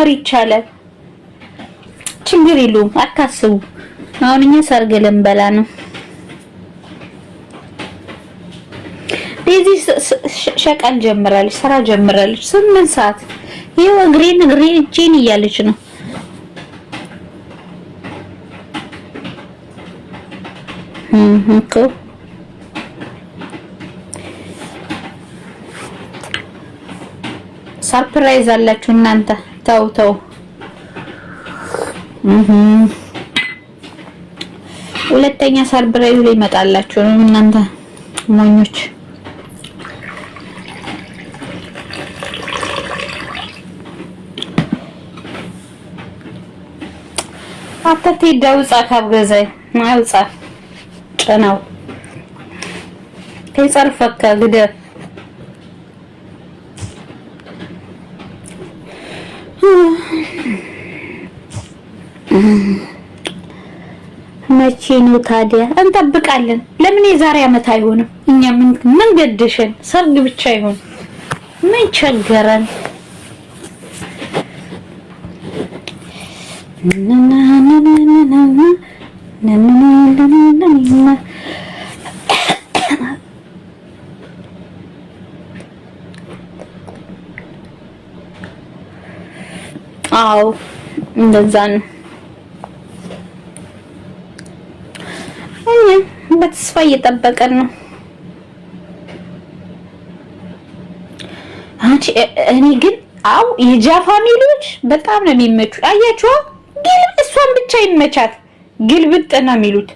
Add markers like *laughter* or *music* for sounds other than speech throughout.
መኖር ይቻላል። ችግር የለውም አታስቡ። አሁን እኛ ሰርግ ልንበላ ነው። ዴዚ ሸቀን ጀምራለች፣ ስራ ጀምራለች። ስምንት ሰዓት ይኸው እግሬን እግሬን እጄን እያለች ነው። እኮ ሰርፕራይዝ አላችሁ እናንተ ተው ተው ሁለተኛ ሰርፕራይዝ ሊመጣላችሁ ነው እናንተ ሞኞች። አተቴ ዳውጻ ካብገዘ ማውጻ ጨናው ከይጸርፈካ ግደፍ መቼ ነው ታዲያ? እንጠብቃለን። ለምን የዛሬ አመት አይሆንም? እኛ ምን ገድሽን? ሰርግ ብቻ ይሆን? ምን ቸገረን? አዎ እንደዛ ነው። እኛም በተስፋ እየጠበቀን ነው። እኔ ግን አው የጃ ፋሚሊዎች በጣም ነው የሚመቹ። አያችዋ ግን እሷን ብቻ ይመቻት ግልብጥ ነው የሚሉት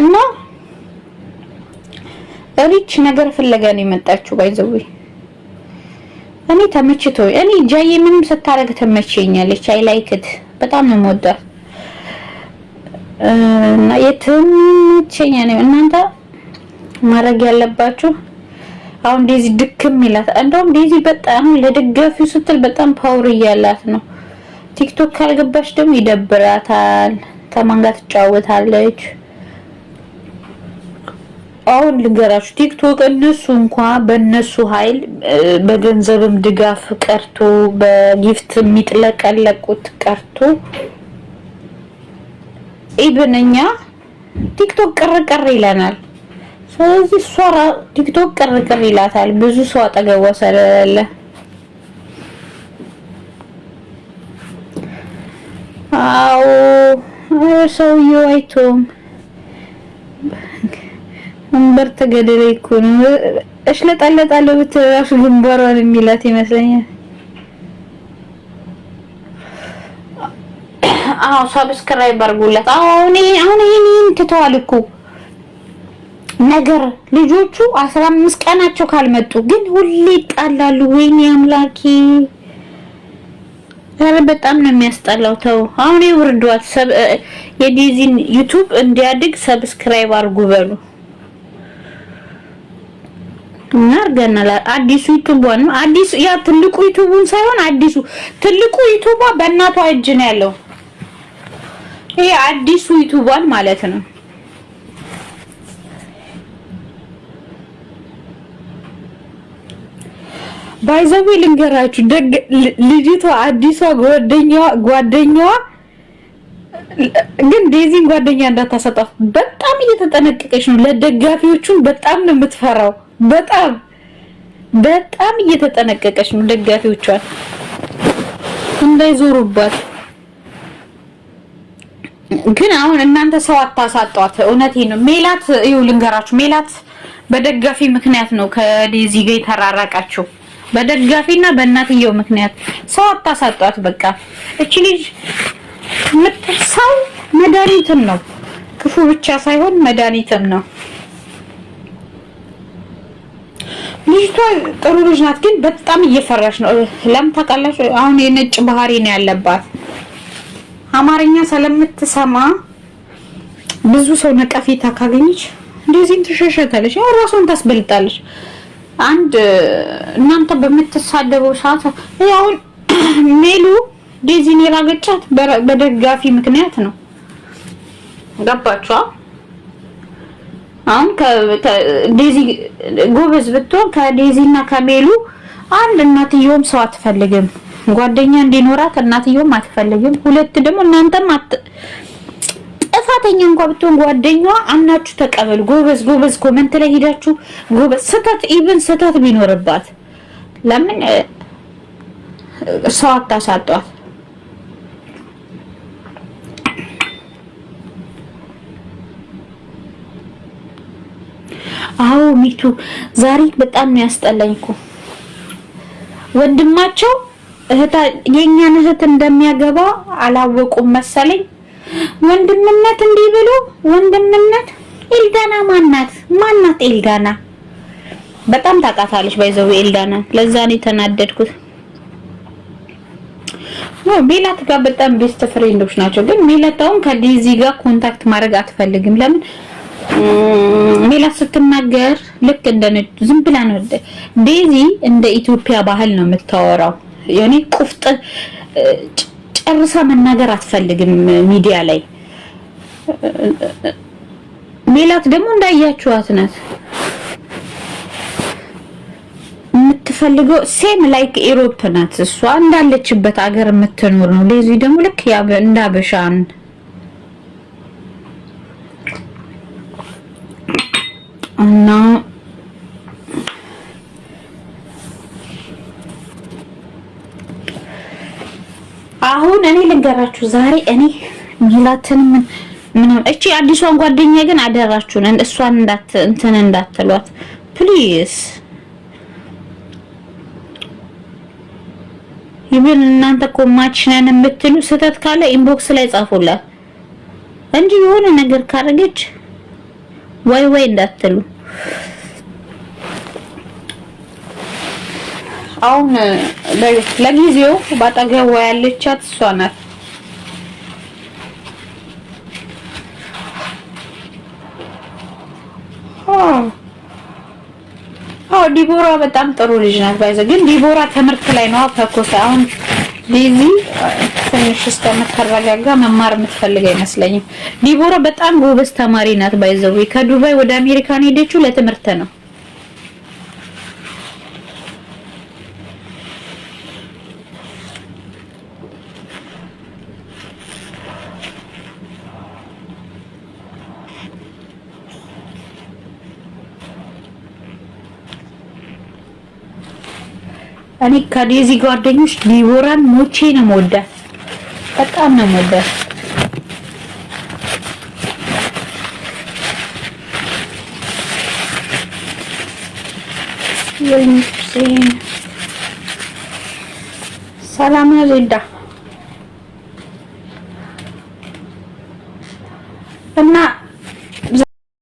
እና ሪች ነገር ፍለጋ ነው የመጣችው። ባይዘው እኔ ተመችቶ እኔ ጃዬ ምንም ስታደርግ ተመቸኛለች። አይ ላይክት በጣም ነው የምወዳት። እና የተመቸኝ ነው። እናንተ ማድረግ ያለባችሁ አሁን ዴዚ ድክም ይላት። እንደውም ዴዚ በጣም ለደጋፊው ስትል በጣም ፓወር እያላት ነው። ቲክቶክ ካልገባች ደግሞ ይደብራታል። ከማን ጋር ትጫወታለች? አሁን ልንገራችሁ፣ ቲክቶክ እነሱ እንኳ በእነሱ ኃይል በገንዘብም ድጋፍ ቀርቶ በጊፍት የሚጥለቀለቁት ቀርቶ ኢብን ቲክቶክ ቅርቅር ይለናል። ስለዚህ እሷ ቲክቶክ ቅርቅር ይላታል፣ ብዙ ሰው አጠገቧ ስለሌለ። አዎ ሰውዬው አይቶም እምበር ተገደለ እኮ ነው። እሽለጣለጣለሁ ብትል እራሱ ግንባሯን የሚላት ይመስለኛል። አዎ ሰብስክራይብ አድርጉለት። አሁን አሁን ይሄን ትተዋል እኮ ነገር ልጆቹ አስራ አምስት ቀናቸው ካልመጡ ግን ሁሌ ይጣላሉ። ወይኔ አምላኬ፣ ኧረ በጣም ነው የሚያስጠላው። ተው አሁን ይውርዷት። የዴዚን ዩቱብ እንዲያድግ ሰብስክራይብ አድርጉ በሉ እና አድርገናል። አዲሱ ዩቲዩብ ነው አዲሱ ያ ትልቁ ዩቱቡን ሳይሆን አዲሱ ትልቁ ዩቱባ በእናቷ እጅ ነው ያለው። ይሄ አዲሱ ዩቲዩቧን ማለት ነው። ባይዘዌ ልንገራችሁ፣ ደግ ልጅቷ አዲሷ ጓደኛዋ ጓደኛዋ ግን ዴዚን ጓደኛ እንዳታሰጣት በጣም እየተጠነቀቀች ነው። ለደጋፊዎቹን በጣም ነው የምትፈራው። በጣም በጣም እየተጠነቀቀች ነው ደጋፊዎቿን እንዳይዞሩባት ግን አሁን እናንተ ሰው አታሳጧት። እውነቴ ነው። ሜላት ይኸው ልንገራችሁ፣ ሜላት በደጋፊ ምክንያት ነው ከዴዚ ጋር የተራራቃችሁ። በደጋፊና በእናትየው ምክንያት ሰው አታሳጧት። በቃ እቺ ልጅ ምትሰው መድኃኒትም ነው፣ ክፉ ብቻ ሳይሆን መድኃኒትም ነው። ልጅቷ ጥሩ ልጅ ናት፣ ግን በጣም እየፈራች ነው። ለምን ታውቃላችሁ? አሁን የነጭ ባህሪ ነው ያለባት አማርኛ ስለምትሰማ ብዙ ሰው ነቀፌታ ካገኘች እንደዚህም ትሸሸታለች፣ ያው ራሷን ታስበልጣለች። አንድ እናንተ በምትሳደበው ሰዓት ያው *clears throat* ሜሉ ዴዚን የራገቻት በደጋፊ ምክንያት ነው። ገባችኋ? አሁን ከዴዚ ጎበዝ ብትሆን ከዴዚና ከሜሉ አንድ እናትየውም ሰው አትፈልግም። ጓደኛ እንዲኖራት እናትየውም አትፈልግም። ሁለት ደግሞ እናንተም አት ጥፋተኛ እንኳ ብትሆን ጓደኛዋ አምናችሁ ተቀበሉ። ጎበዝ ጎበዝ ኮመንት ላይ ሄዳችሁ ጎበዝ ስህተት ኢቭን ስህተት ቢኖርባት ለምን ሰው አታሳጧት? አዎ ሚቱ ዛሬ በጣም ነው ያስጠላኝ እኮ ወንድማቸው የእኛን እህት እንደሚያገባ አላወቁም መሰለኝ። ወንድምነት እንዲህ ብሎ ወንድምነት ኤልዳና ማናት ማናት? ኤልዳና በጣም ታውቃታለች። ባይዘው ኤልዳና ለዛ ነው የተናደድኩት። ሜላት ጋር በጣም ቤስት ፍሬንዶች ናቸው። ግን ሜላት አሁን ከዲዚ ጋር ኮንታክት ማድረግ አትፈልግም። ለምን? ሜላት ስትናገር ልክ እንደ ዝም ብላ ነው። ዴዚ እንደ ኢትዮጵያ ባህል ነው የምታወራው የኔ ቁፍጥ ጨርሳ መናገር አትፈልግም ሚዲያ ላይ። ሜላት ደግሞ እንዳያችኋት ናት የምትፈልገው ሴም ላይክ ኢሮፕ ናት። እሷ እንዳለችበት አገር የምትኖር ነው። ለዚህ ደግሞ ልክ እንዳበሻን እና አሁን እኔ ልንገራችሁ ዛሬ እኔ ሚላትን ምን ምንም እቺ አዲሷን ጓደኛ ግን አደራችሁን እሷን እንዳት እንትን እንዳትሏት ፕሊዝ። ይብን እናንተ እኮ ማች ነን የምትሉ ስህተት ካለ ኢንቦክስ ላይ ጻፉላት እንጂ የሆነ ነገር ካረገች ወይ ወይ እንዳትሉ። አሁን ለጊዜው ባጠገቧ ያለቻት እሷ ናት። አዎ ዲቦራ በጣም ጥሩ ልጅ ናት። ባይዘ ግን ዲቦራ ትምህርት ላይ ነው ፈኮሰ። አሁን ዴዚ ትንሽ እስከምትረጋጋ መማር የምትፈልግ አይመስለኝም። ዲቦራ በጣም ጎበዝ ተማሪ ናት። ባይዘው ከዱባይ ወደ አሜሪካን ሄደችው ለትምህርት ነው። እኔ ከዴዚ ጓደኞች ዲቦራን ሞቼ ነው የምወዳት፣ በጣም ነው የምወዳት። ሰላም ነው ዜዳ